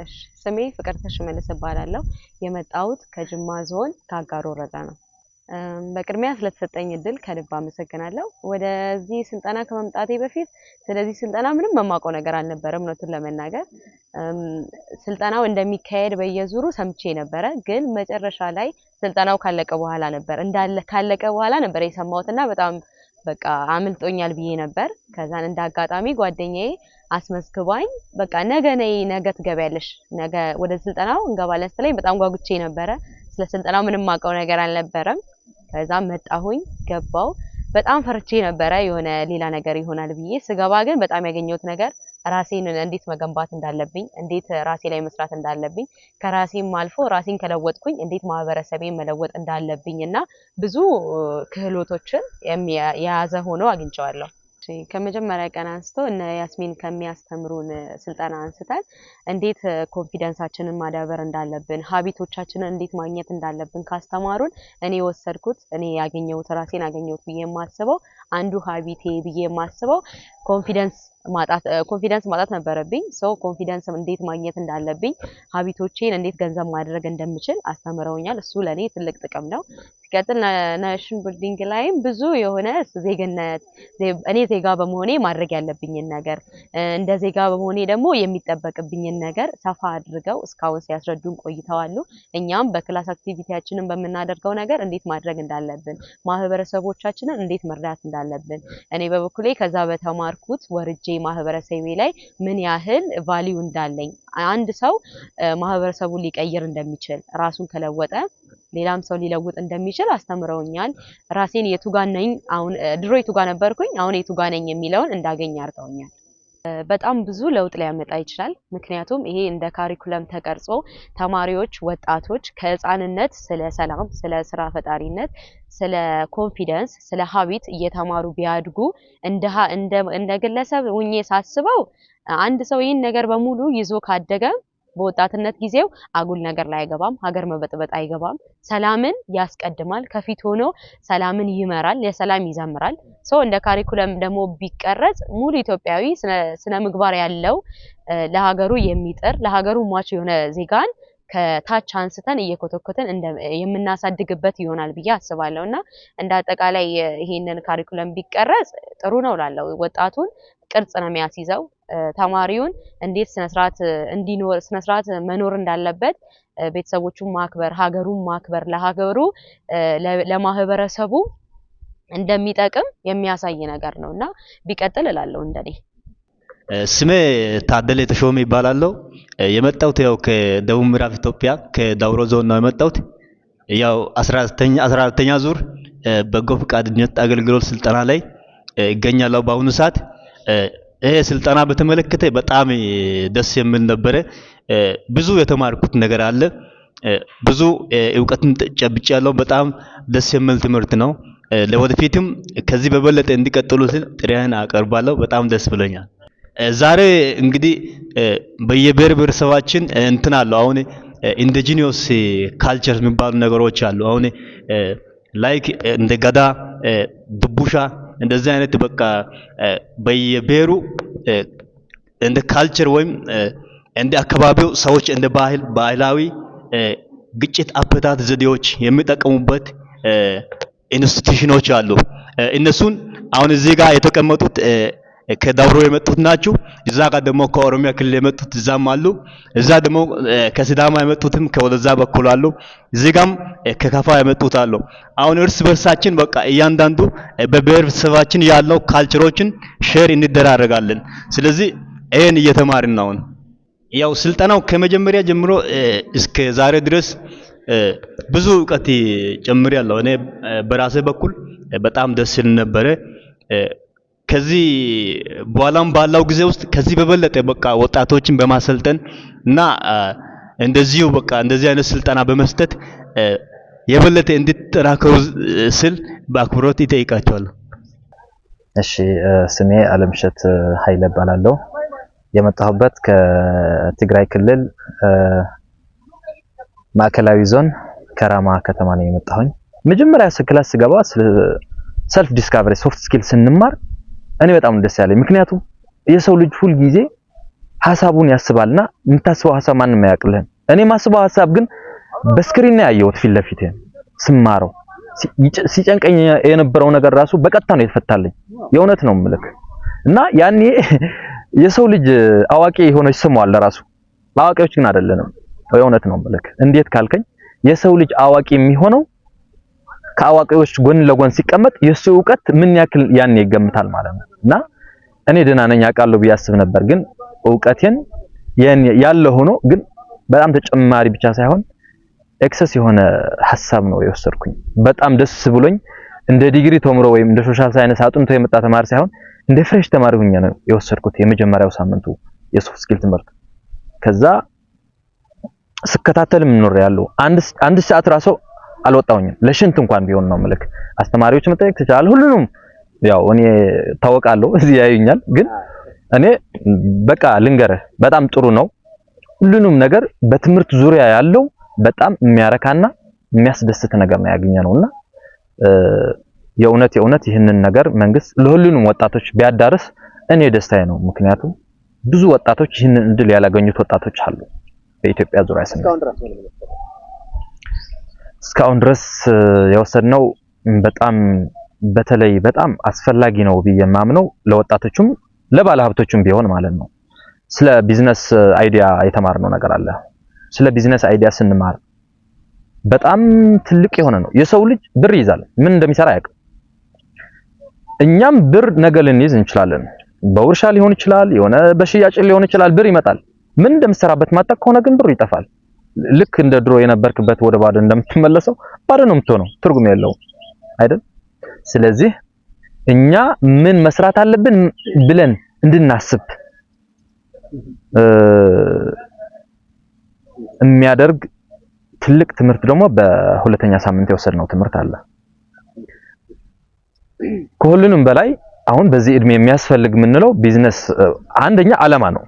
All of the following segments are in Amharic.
እሺ ስሜ ፍቅርተሽ መለስ እባላለሁ። የመጣሁት ከጅማ ዞን ከአጋሮ ወረዳ ነው። በቅድሚያ ስለተሰጠኝ እድል ከልብ አመሰግናለሁ። ወደዚህ ስልጠና ከመምጣቴ በፊት ስለዚህ ስልጠና ምንም የማውቀው ነገር አልነበረም እውነቱን ለመናገር። ስልጠናው እንደሚካሄድ በየዙሩ ሰምቼ ነበረ፣ ግን መጨረሻ ላይ ስልጠናው ካለቀ በኋላ ነበር እንዳለ ካለቀ በኋላ ነበር የሰማሁትና በጣም በቃ አምልጦኛል ብዬ ነበር። ከዛን እንደ አጋጣሚ ጓደኛዬ አስመዝግባኝ በቃ ነገ ነይ ነገ ትገቢያለሽ ነገ ወደ ስልጠናው እንገባለን ስትለኝ በጣም ጓጉቼ ነበረ። ስለ ስልጠናው ምንም አውቀው ነገር አልነበረም። ከዛ መጣሁኝ ገባው። በጣም ፈርቼ ነበረ የሆነ ሌላ ነገር ይሆናል ብዬ ስገባ ግን በጣም ያገኘሁት ነገር ራሴን እንዴት መገንባት እንዳለብኝ፣ እንዴት ራሴ ላይ መስራት እንዳለብኝ፣ ከራሴም አልፎ ራሴን ከለወጥኩኝ እንዴት ማህበረሰቤን መለወጥ እንዳለብኝ እና ብዙ ክህሎቶችን የያዘ ሆኖ አግኝቼዋለሁ። ከመጀመሪያ ቀን አንስቶ እነ ያስሚን ከሚያስተምሩን ስልጠና አንስተን እንዴት ኮንፊደንሳችንን ማዳበር እንዳለብን ሀቢቶቻችንን እንዴት ማግኘት እንዳለብን ካስተማሩን እኔ የወሰድኩት እኔ ያገኘሁት ራሴን አገኘሁት ብዬ የማስበው አንዱ ሀቢቴ ብዬ የማስበው ኮንፊደንስ ማጣት ኮንፊደንስ ማጣት ነበረብኝ። ሰው ኮንፊደንስ እንዴት ማግኘት እንዳለብኝ ሀቢቶቼን እንዴት ገንዘብ ማድረግ እንደምችል አስተምረውኛል። እሱ ለእኔ ትልቅ ጥቅም ነው። ሲቀጥል ናሽን ቢልዲንግ ላይም ብዙ የሆነ ዜግነት እኔ ዜጋ በመሆኔ ማድረግ ያለብኝን ነገር እንደ ዜጋ በመሆኔ ደግሞ የሚጠበቅብኝን ነገር ሰፋ አድርገው እስካሁን ሲያስረዱን ቆይተዋሉ። እኛም በክላስ አክቲቪቲያችንን በምናደርገው ነገር እንዴት ማድረግ እንዳለብን ማህበረሰቦቻችንን እንዴት መርዳት እንዳለ አለብን። እኔ በበኩሌ ከዛ በተማርኩት ወርጄ ማህበረሰቤ ላይ ምን ያህል ቫሊዩ እንዳለኝ አንድ ሰው ማህበረሰቡን ሊቀይር እንደሚችል ራሱን ከለወጠ ሌላም ሰው ሊለውጥ እንደሚችል አስተምረውኛል። ራሴን የቱጋ ነኝ አሁን ድሮ የቱጋ ነበርኩኝ አሁን የቱጋ ነኝ የሚለውን እንዳገኝ አድርገውኛል። በጣም ብዙ ለውጥ ሊያመጣ ይችላል። ምክንያቱም ይሄ እንደ ካሪኩለም ተቀርጾ ተማሪዎች፣ ወጣቶች ከህፃንነት ስለ ሰላም፣ ስለ ስራ ፈጣሪነት፣ ስለ ኮንፊደንስ፣ ስለ ሀቢት እየተማሩ ቢያድጉ እንደ ግለሰብ ሳስበው አንድ ሰው ይህን ነገር በሙሉ ይዞ ካደገ በወጣትነት ጊዜው አጉል ነገር ላይ አይገባም፣ ሀገር መበጥበጥ አይገባም። ሰላምን ያስቀድማል፣ ከፊት ሆኖ ሰላምን ይመራል፣ ለሰላም ይዘምራል። ሶ እንደ ካሪኩለም ደግሞ ቢቀረጽ ሙሉ ኢትዮጵያዊ ስነ ምግባር ያለው ለሀገሩ የሚጥር ለሀገሩ ሟች የሆነ ዜጋን ከታች አንስተን እየኮተኮተን የምናሳድግበት ይሆናል ብዬ አስባለሁ። እና እንደ አጠቃላይ ይሄንን ካሪኩለም ቢቀረጽ ጥሩ ነው ላለው ወጣቱን ቅርጽ ነው የሚያስይዘው። ተማሪውን እንዴት ስነስርዓት እንዲኖር ስነስርዓት መኖር እንዳለበት ቤተሰቦቹን ማክበር፣ ሀገሩን ማክበር ለሀገሩ ለማህበረሰቡ እንደሚጠቅም የሚያሳይ ነገር ነው እና ቢቀጥል እላለሁ እንደኔ። ስሜ ታደለ ተሾመ ይባላለሁ። የመጣሁት ያው ከደቡብ ምዕራብ ኢትዮጵያ ከዳውሮ ዞን ነው የመጣሁት። ያው 14ኛ ዙር በጎ ፈቃደኝነት አገልግሎት ስልጠና ላይ ይገኛል በአሁኑ ሰዓት። ይሄ ስልጠና በተመለከተ በጣም ደስ የሚል ነበረ። ብዙ የተማርኩት ነገር አለ። ብዙ እውቀትን ያለው በጣም ደስ የሚል ትምህርት ነው። ለወደፊትም ከዚህ በበለጠ እንዲቀጥሉ ጥሪያን አቀርባለሁ። በጣም ደስ ብለኛል። ዛሬ እንግዲህ በየብሔር ብሔረሰባችን እንትን አለው አሁን ኢንዲጂኒየስ ካልቸር የሚባሉ ነገሮች አሉ። አሁን ላይክ እንደ ገዳ ድቡሻ እንደዚህ አይነት በቃ በየብሔሩ እንደ ካልቸር ወይም እንደ አካባቢው ሰዎች እንደ ባህል ባህላዊ ግጭት አፈታት ዘዴዎች የሚጠቀሙበት ኢንስቲትዩሽኖች አሉ። እነሱን አሁን እዚህ ጋር የተቀመጡት ከዳውሮ የመጡት ናቸው። እዛ ጋር ደግሞ ከኦሮሚያ ክልል የመጡት እዛም አሉ። እዛ ደግሞ ከሲዳማ የመጡትም ከወደዛ በኩል አሉ። እዚህ ጋም ከከፋ የመጡት አሉ። አሁን እርስ በርሳችን በቃ እያንዳንዱ በብሔረሰባችን ያለው ካልቸሮችን ሼር እንደራረጋለን። ስለዚህ ይሄን እየተማርን ነው። ያው ስልጠናው ከመጀመሪያ ጀምሮ እስከ ዛሬ ድረስ ብዙ እውቀት ጨምሬያለሁ። እኔ በራሴ በኩል በጣም ደስ ይል ስለነበረ ከዚህ በኋላም ባለው ጊዜ ውስጥ ከዚህ በበለጠ በቃ ወጣቶችን በማሰልጠን እና እንደዚሁ በቃ እንደዚህ አይነት ስልጠና በመስጠት የበለጠ እንድትጠናከሩ ስል በአክብሮት ይጠይቃቸዋል እሺ፣ ስሜ አለምሸት ኃይለ እባላለሁ። የመጣሁበት ከትግራይ ክልል ማዕከላዊ ዞን ከራማ ከተማ ነው የመጣሁኝ። መጀመሪያ ክላስ ስገባ ሰልፍ ዲስካቨሪ ሶፍት ስኪል ስንማር እኔ በጣም ደስ ያለኝ ምክንያቱም የሰው ልጅ ሁል ጊዜ ሐሳቡን ያስባልና የምታስበው ሐሳብ ማንም አያውቅልህም። እኔ የማስበው ሐሳብ ግን በስክሪን ነው ያየሁት ፊት ለፊት ስማረው ሲጨንቀኝ የነበረው ነገር ራሱ በቀጥታ ነው የተፈታልኝ። የእውነት ነው ምልክ እና ያኔ የሰው ልጅ አዋቂ የሆነች አለ ራሱ አዋቂዎች ግን አይደለንም። የእውነት ነው ምልክ እንዴት ካልከኝ የሰው ልጅ አዋቂ የሚሆነው ከአዋቂዎች ጎን ለጎን ሲቀመጥ የሱ እውቀት ምን ያክል ያን ይገምታል ማለት ነው። እና እኔ ደህና ነኝ አውቃለሁ ብዬ አስብ ነበር፣ ግን እውቀቴን ያለ ሆኖ ግን በጣም ተጨማሪ ብቻ ሳይሆን ኤክሰስ የሆነ ሐሳብ ነው የወሰድኩኝ። በጣም ደስ ብሎኝ እንደ ዲግሪ ተምሮ ወይም እንደ ሶሻል ሳይንስ አጥንቶ የመጣ ተማሪ ሳይሆን እንደ ፍሬሽ ተማሪ ሆኜ ነው የወሰድኩት የመጀመሪያው ሳምንቱ የሶፍት ስኪል ትምህርት። ከዛ ስከታተልም ኖር ያለው አንድ አንድ ሰዓት ራሱ አልወጣሁኝም። ለሽንት እንኳን ቢሆን ነው ምልክ አስተማሪዎች መጠየቅ ትችላለህ። ሁሉንም ያው እኔ ታወቃለሁ፣ እዚህ ያዩኛል። ግን እኔ በቃ ልንገርህ በጣም ጥሩ ነው። ሁሉንም ነገር በትምህርት ዙሪያ ያለው በጣም የሚያረካና የሚያስደስት ነገር ነው ያገኘ ነውና የእውነት የእውነት ይህንን ነገር መንግስት ለሁሉንም ወጣቶች ቢያዳርስ እኔ ደስታዬ ነው። ምክንያቱም ብዙ ወጣቶች ይህንን እድል ያላገኙት ወጣቶች አሉ በኢትዮጵያ ዙሪያ ስንል እስካሁን ድረስ የወሰድነው በጣም በተለይ በጣም አስፈላጊ ነው ብዬ የማምነው ለወጣቶቹም ለባለሀብቶቹም ቢሆን ማለት ነው። ስለ ቢዝነስ አይዲያ የተማርነው ነገር አለ። ስለ ቢዝነስ አይዲያ ስንማር በጣም ትልቅ የሆነ ነው። የሰው ልጅ ብር ይይዛል፣ ምን እንደሚሰራ አያውቅም። እኛም ብር ነገ ልንይዝ እንችላለን። በውርሻ ሊሆን ይችላል፣ የሆነ በሽያጭ ሊሆን ይችላል። ብር ይመጣል። ምን እንደምሰራበት ማጣቅ ከሆነ ግን ብሩ ይጠፋል። ልክ እንደ ድሮ የነበርክበት ወደ ባዶ እንደምትመለሰው ባዶ ነው የምትሆነው። ትርጉም የለውም አይደል? ስለዚህ እኛ ምን መስራት አለብን ብለን እንድናስብ የሚያደርግ ትልቅ ትምህርት ደግሞ በሁለተኛ ሳምንት የወሰድነው ትምህርት አለ። ከሁሉንም በላይ አሁን በዚህ እድሜ የሚያስፈልግ የምንለው ቢዝነስ አንደኛ አላማ ነው።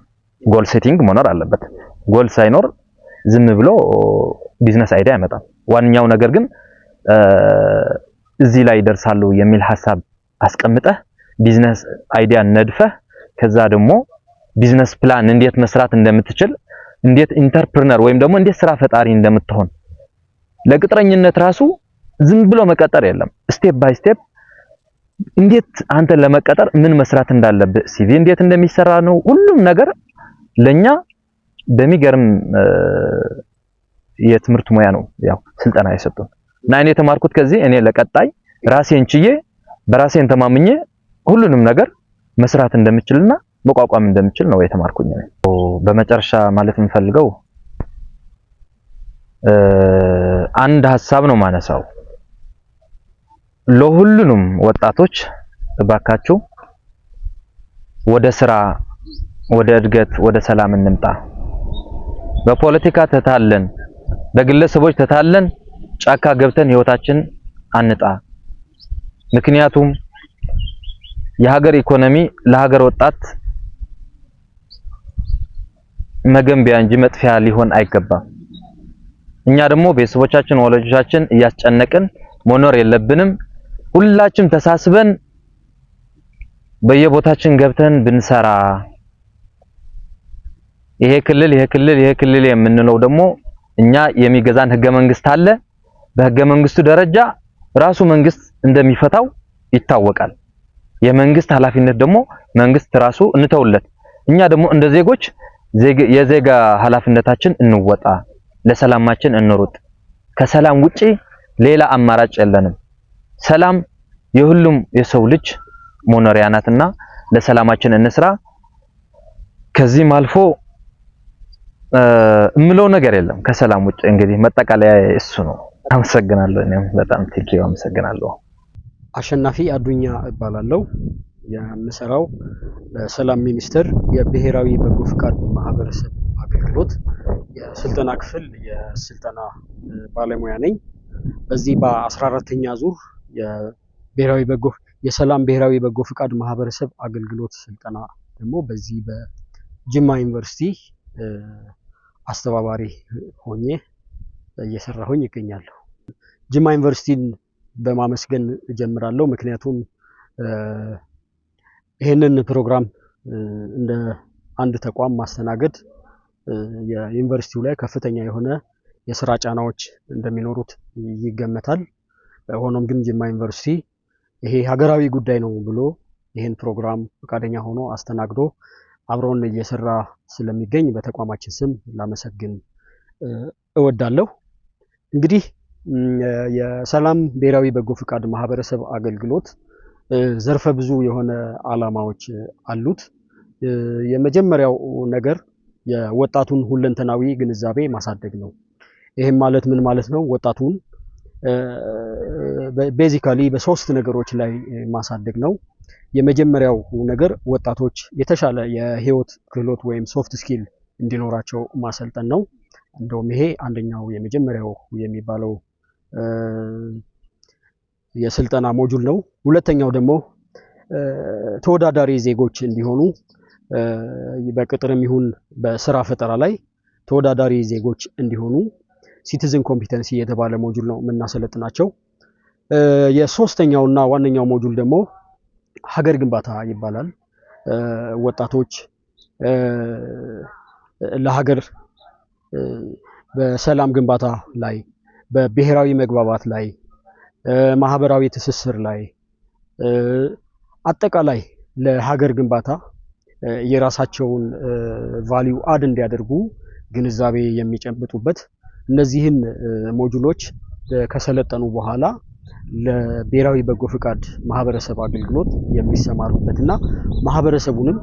ጎል ሴቲንግ መኖር አለበት። ጎል ሳይኖር ዝም ብሎ ቢዝነስ አይዲያ አይመጣም። ዋንኛው ነገር ግን እዚህ ላይ ደርሳለሁ የሚል ሀሳብ አስቀምጠህ ቢዝነስ አይዲያ ነድፈህ ከዛ ደግሞ ቢዝነስ ፕላን እንዴት መስራት እንደምትችል እንዴት ኢንተርፕርነር ወይም ደግሞ እንዴት ስራ ፈጣሪ እንደምትሆን ለቅጥረኝነት ራሱ ዝም ብሎ መቀጠር የለም። ስቴፕ ባይ ስቴፕ እንዴት አንተን ለመቀጠር ምን መስራት እንዳለብህ፣ ሲቪ እንዴት እንደሚሰራ ነው ሁሉም ነገር ለኛ በሚገርም የትምህርት ሙያ ነው ያው ስልጠና የሰጡን እና እኔ የተማርኩት ከዚህ እኔ ለቀጣይ ራሴን ችዬ በራሴን ተማምኜ ሁሉንም ነገር መስራት እንደምችልና መቋቋም እንደምችል ነው የተማርኩኝ። በመጨረሻ ማለት የምፈልገው አንድ ሀሳብ ነው ማነሳው ለሁሉንም ወጣቶች እባካችሁ ወደ ስራ፣ ወደ እድገት፣ ወደ ሰላም እንምጣ። በፖለቲካ ተታለን በግለሰቦች ተታለን ጫካ ገብተን ህይወታችን አንጣ። ምክንያቱም የሀገር ኢኮኖሚ ለሀገር ወጣት መገንቢያ እንጂ መጥፊያ ሊሆን አይገባም። እኛ ደግሞ ቤተሰቦቻችን፣ ወላጆቻችን እያስጨነቅን መኖር የለብንም። ሁላችንም ተሳስበን በየቦታችን ገብተን ብንሰራ ይሄ ክልል ይሄ ክልል ይሄ ክልል የምንለው ደግሞ እኛ የሚገዛን ህገ መንግስት አለ። በህገ መንግስቱ ደረጃ ራሱ መንግስት እንደሚፈታው ይታወቃል። የመንግስት ኃላፊነት ደግሞ መንግስት ራሱ እንተውለት። እኛ ደግሞ እንደ ዜጎች የዜጋ ኃላፊነታችን እንወጣ፣ ለሰላማችን እንሩጥ። ከሰላም ውጪ ሌላ አማራጭ የለንም። ሰላም የሁሉም የሰው ልጅ መኖሪያ ናትና ለሰላማችን እንስራ። ከዚህም አልፎ እምለው ነገር የለም ከሰላም ውጭ። እንግዲህ መጠቃለያ እሱ ነው። አመሰግናለሁ። እኔም በጣም ቴንኪው አመሰግናለሁ። አሸናፊ አዱኛ እባላለሁ። የምሰራው በሰላም ሚኒስቴር የብሔራዊ በጎ ፍቃድ ማህበረሰብ አገልግሎት የስልጠና ክፍል የስልጠና ባለሙያ ነኝ። በዚህ በ 14 ኛ ዙር የብሔራዊ በጎ የሰላም ብሔራዊ በጎ ፍቃድ ማህበረሰብ አገልግሎት ስልጠና ደግሞ በዚህ በጅማ ዩኒቨርሲቲ አስተባባሪ ሆኜ እየሰራሁኝ ይገኛለሁ። ጅማ ዩኒቨርሲቲን በማመስገን እጀምራለሁ። ምክንያቱም ይህንን ፕሮግራም እንደ አንድ ተቋም ማስተናገድ የዩኒቨርሲቲው ላይ ከፍተኛ የሆነ የስራ ጫናዎች እንደሚኖሩት ይገመታል። ሆኖም ግን ጅማ ዩኒቨርሲቲ ይሄ ሀገራዊ ጉዳይ ነው ብሎ ይህን ፕሮግራም ፈቃደኛ ሆኖ አስተናግዶ አብረውን እየሰራ ስለሚገኝ በተቋማችን ስም ላመሰግን እወዳለሁ። እንግዲህ የሰላም ብሔራዊ በጎ ፈቃድ ማህበረሰብ አገልግሎት ዘርፈ ብዙ የሆነ ዓላማዎች አሉት። የመጀመሪያው ነገር የወጣቱን ሁለንተናዊ ግንዛቤ ማሳደግ ነው። ይህም ማለት ምን ማለት ነው? ወጣቱን ቤዚካሊ በሶስት ነገሮች ላይ ማሳደግ ነው። የመጀመሪያው ነገር ወጣቶች የተሻለ የህይወት ክህሎት ወይም ሶፍት ስኪል እንዲኖራቸው ማሰልጠን ነው። እንደውም ይሄ አንደኛው የመጀመሪያው የሚባለው የስልጠና ሞጁል ነው። ሁለተኛው ደግሞ ተወዳዳሪ ዜጎች እንዲሆኑ በቅጥርም ይሁን በስራ ፈጠራ ላይ ተወዳዳሪ ዜጎች እንዲሆኑ ሲቲዝን ኮምፒተንሲ የተባለ ሞጁል ነው የምናሰለጥናቸው። የሶስተኛውና ዋነኛው ሞጁል ደግሞ ሀገር ግንባታ ይባላል። ወጣቶች ለሀገር በሰላም ግንባታ ላይ፣ በብሔራዊ መግባባት ላይ፣ ማህበራዊ ትስስር ላይ አጠቃላይ ለሀገር ግንባታ የራሳቸውን ቫሊዩ አድ እንዲያደርጉ ግንዛቤ የሚጨብጡበት እነዚህን ሞጁሎች ከሰለጠኑ በኋላ ለብሔራዊ በጎ ፍቃድ ማህበረሰብ አገልግሎት የሚሰማሩበት እና ማህበረሰቡንም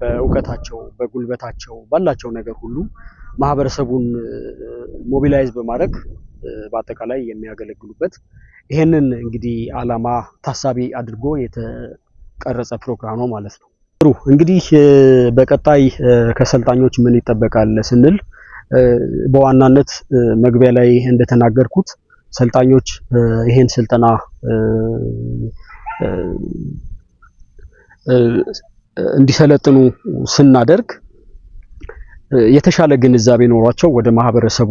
በእውቀታቸው በጉልበታቸው ባላቸው ነገር ሁሉ ማህበረሰቡን ሞቢላይዝ በማድረግ በአጠቃላይ የሚያገለግሉበት ይሄንን እንግዲህ ዓላማ ታሳቢ አድርጎ የተቀረጸ ፕሮግራም ነው ማለት ነው። ጥሩ እንግዲህ በቀጣይ ከሰልጣኞች ምን ይጠበቃል ስንል በዋናነት መግቢያ ላይ እንደተናገርኩት ሰልጣኞች ይሄን ስልጠና እንዲሰለጥኑ ስናደርግ የተሻለ ግንዛቤ ኖሯቸው ወደ ማህበረሰቡ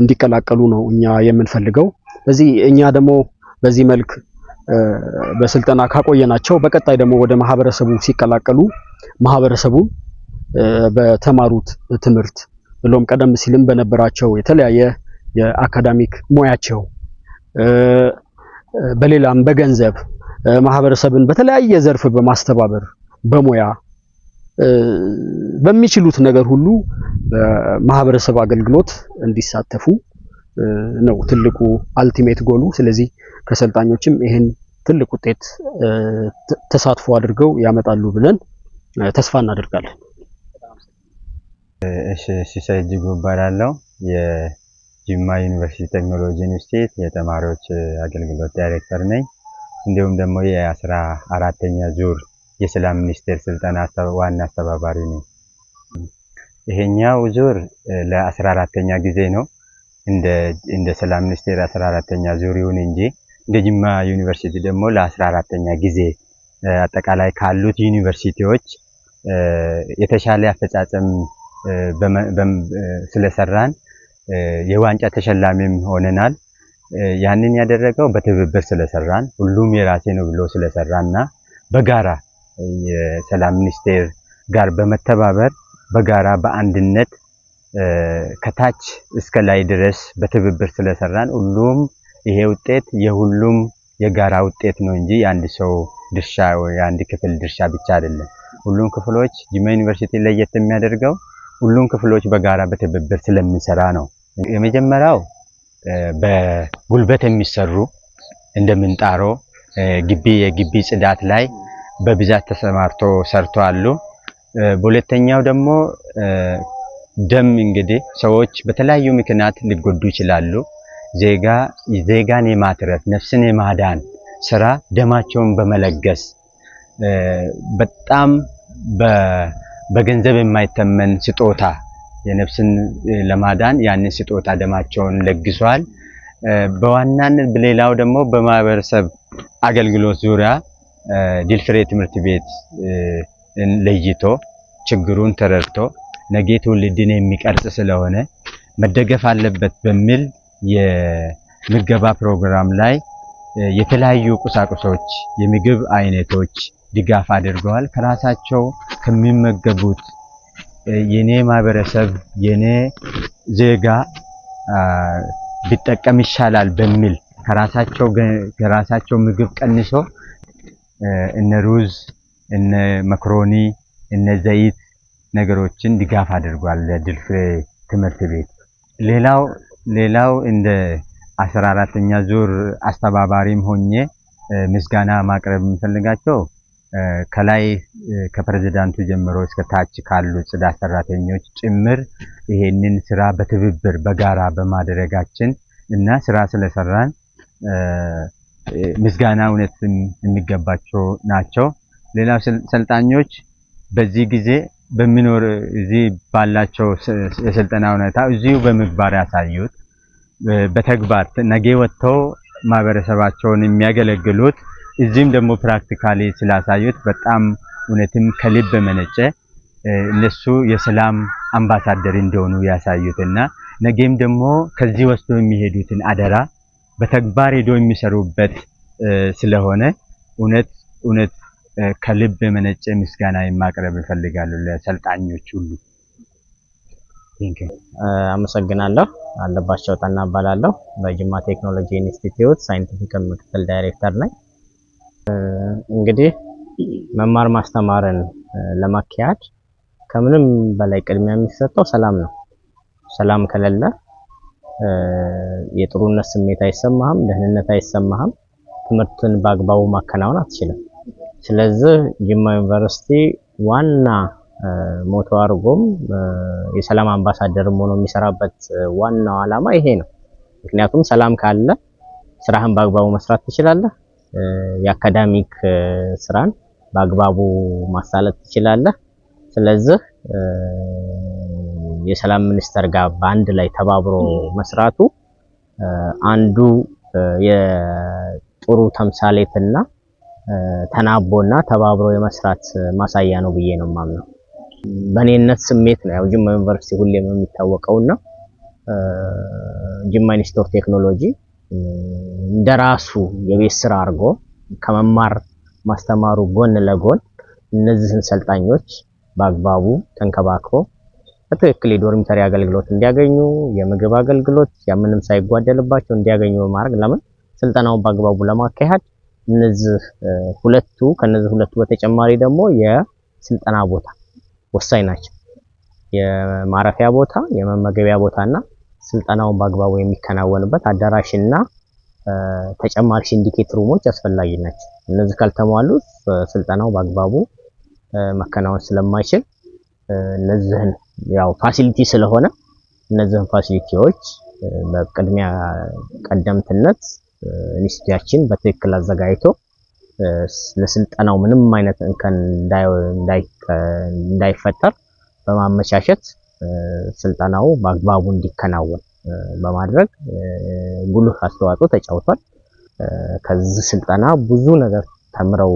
እንዲቀላቀሉ ነው እኛ የምንፈልገው። ስለዚህ እኛ ደግሞ በዚህ መልክ በስልጠና ካቆየናቸው በቀጣይ ደግሞ ወደ ማህበረሰቡ ሲቀላቀሉ ማህበረሰቡን በተማሩት ትምህርት ብሎም ቀደም ሲልም በነበራቸው የተለያየ የአካዳሚክ ሙያቸው በሌላም በገንዘብ ማህበረሰብን በተለያየ ዘርፍ በማስተባበር በሙያ በሚችሉት ነገር ሁሉ በማህበረሰብ አገልግሎት እንዲሳተፉ ነው ትልቁ አልቲሜት ጎሉ። ስለዚህ ከሰልጣኞችም ይህን ትልቅ ውጤት ተሳትፎ አድርገው ያመጣሉ ብለን ተስፋ እናደርጋለን። እሺ ሲሳይ እጅጉ እባላለሁ። ጅማ ዩኒቨርሲቲ ቴክኖሎጂ ኢንስቲትዩት የተማሪዎች አገልግሎት ዳይሬክተር ነኝ። እንዲሁም ደግሞ የአስራ አራተኛ ዙር የሰላም ሚኒስቴር ስልጠና ዋና አስተባባሪ ነው። ይሄኛው ዙር ለአስራ አራተኛ ጊዜ ነው። እንደ ሰላም ሚኒስቴር አስራ አራተኛ ዙር ይሁን እንጂ እንደ ጅማ ዩኒቨርሲቲ ደግሞ ለአስራ አራተኛ ጊዜ አጠቃላይ ካሉት ዩኒቨርሲቲዎች የተሻለ አፈጻጸም ስለሰራን የዋንጫ ተሸላሚም ሆነናል። ያንን ያደረገው በትብብር ስለሰራን ሁሉም የራሴ ነው ብሎ ስለሰራና በጋራ የሰላም ሚኒስቴር ጋር በመተባበር በጋራ በአንድነት ከታች እስከ ላይ ድረስ በትብብር ስለሰራን ሁሉም ይሄ ውጤት የሁሉም የጋራ ውጤት ነው እንጂ የአንድ ሰው ድርሻ የአንድ ክፍል ድርሻ ብቻ አይደለም። ሁሉም ክፍሎች ጅማ ዩኒቨርሲቲ ለየት የሚያደርገው ሁሉም ክፍሎች በጋራ በትብብር ስለምንሰራ ነው። የመጀመሪያው በጉልበት የሚሰሩ እንደ ምንጣሮ ግቢ የግቢ ጽዳት ላይ በብዛት ተሰማርቶ ሰርቶ አሉ። በሁለተኛው ደግሞ ደም እንግዲህ ሰዎች በተለያዩ ምክንያት ሊጎዱ ይችላሉ። ዜጋ ዜጋን የማትረፍ ነፍስን የማዳን ስራ ደማቸውን በመለገስ በጣም በገንዘብ የማይተመን ስጦታ የነፍስን ለማዳን ያንን ስጦታ ደማቸውን ለግሷል። በዋናነት ሌላው ደግሞ በማህበረሰብ አገልግሎት ዙሪያ ዲልፍሬ ትምህርት ቤት ለይቶ ችግሩን ተረድቶ ነገ ትውልድን የሚቀርጽ ስለሆነ መደገፍ አለበት በሚል የምገባ ፕሮግራም ላይ የተለያዩ ቁሳቁሶች፣ የምግብ አይነቶች ድጋፍ አድርገዋል። ከራሳቸው ከሚመገቡት የኔ ማህበረሰብ የኔ ዜጋ ቢጠቀም ይሻላል በሚል ከራሳቸው ከራሳቸው ምግብ ቀንሶ እነ ሩዝ እነ መክሮኒ እነ ዘይት ነገሮችን ድጋፍ አድርጓል ለድልፍሬ ትምህርት ቤት። ሌላው ሌላው እንደ አስራ አራተኛ ዙር አስተባባሪም ሆኜ ምስጋና ማቅረብ የምፈልጋቸው ከላይ ከፕሬዝዳንቱ ጀምሮ እስከ ታች ካሉ ጽዳት ሰራተኞች ጭምር ይሄንን ስራ በትብብር በጋራ በማድረጋችን እና ስራ ስለሰራን ምስጋና እውነት የሚገባቸው ናቸው። ሌላው ሰልጣኞች በዚህ ጊዜ በሚኖር እዚህ ባላቸው የስልጠና ሁኔታ እዚሁ በምግባር ያሳዩት በተግባር ነገ ወጥተው ማህበረሰባቸውን የሚያገለግሉት እዚህም ደግሞ ፕራክቲካሊ ስላሳዩት በጣም እውነትም ከልብ መነጨ። እነሱ የሰላም አምባሳደር እንደሆኑ ያሳዩትና ነገም ደግሞ ከዚህ ወስዶ የሚሄዱትን አደራ በተግባር ሄዶ የሚሰሩበት ስለሆነ እውነት እውነት ከልብ መነጨ ምስጋና የማቅረብ ይፈልጋሉ ለሰልጣኞች ሁሉ። አመሰግናለሁ። አለባቸው ጠና እባላለሁ። በጅማ ቴክኖሎጂ ኢንስቲትዩት ሳይንቲፊክ ምክትል ዳይሬክተር ነኝ። እንግዲህ መማር ማስተማርን ለማካሄድ ከምንም በላይ ቅድሚያ የሚሰጠው ሰላም ነው። ሰላም ከሌለ የጥሩነት ስሜት አይሰማህም፣ ደህንነት አይሰማህም፣ ትምህርትን በአግባቡ ማከናወን አትችልም። ስለዚህ ጅማ ዩኒቨርሲቲ ዋና ሞቶ አድርጎም የሰላም አምባሳደርም ሆኖ የሚሰራበት ዋናው ዓላማ ይሄ ነው። ምክንያቱም ሰላም ካለ ስራህን በአግባቡ መስራት ትችላለህ። የአካዳሚክ ስራን በአግባቡ ማሳለጥ ትችላለህ። ስለዚህ የሰላም ሚኒስቴር ጋር በአንድ ላይ ተባብሮ መስራቱ አንዱ የጥሩ ተምሳሌትና ተናቦና ተባብሮ የመስራት ማሳያ ነው ብዬ ነው የማምነው። በእኔነት ስሜት ነው ያው ጅማ ዩኒቨርሲቲ ሁሌም የሚታወቀውና ጅማ ኢንስቲትዩት ኦፍ ቴክኖሎጂ እንደራሱ የቤት ስራ አድርጎ ከመማር ማስተማሩ ጎን ለጎን እነዚህን ሰልጣኞች በአግባቡ ተንከባክቦ በትክክል የዶርሚተሪ አገልግሎት እንዲያገኙ፣ የምግብ አገልግሎት ያምንም ሳይጓደልባቸው እንዲያገኙ በማድረግ ለምን ስልጠናውን በአግባቡ ለማካሄድ እነዚህ ሁለቱ ከነዚህ ሁለቱ በተጨማሪ ደግሞ የስልጠና ቦታ ወሳኝ ናቸው። የማረፊያ ቦታ፣ የመመገቢያ ቦታና ስልጠናውን በአግባቡ የሚከናወንበት አዳራሽና ተጨማሪ ሲንዲኬት ሩሞች አስፈላጊ ናቸው። እነዚህ ካልተሟሉ ስልጠናው በአግባቡ መከናወን ስለማይችል እነዚህን ያው ፋሲሊቲ ስለሆነ እነዚህን ፋሲሊቲዎች በቅድሚያ ቀደምትነት ኢንስቲትዩታችን በትክክል አዘጋጅቶ ለስልጠናው ምንም አይነት እንከን እንዳይፈጠር በማመቻቸት ስልጠናው በአግባቡ እንዲከናወን በማድረግ ጉልህ አስተዋጽኦ ተጫውቷል። ከዚህ ስልጠና ብዙ ነገር ተምረው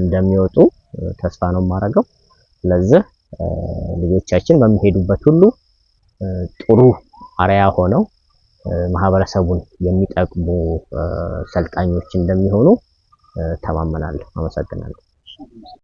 እንደሚወጡ ተስፋ ነው የማደርገው። ስለዚህ ልጆቻችን በሚሄዱበት ሁሉ ጥሩ አርያ ሆነው ማህበረሰቡን የሚጠቅሙ ሰልጣኞች እንደሚሆኑ ተማመናለሁ። አመሰግናለሁ።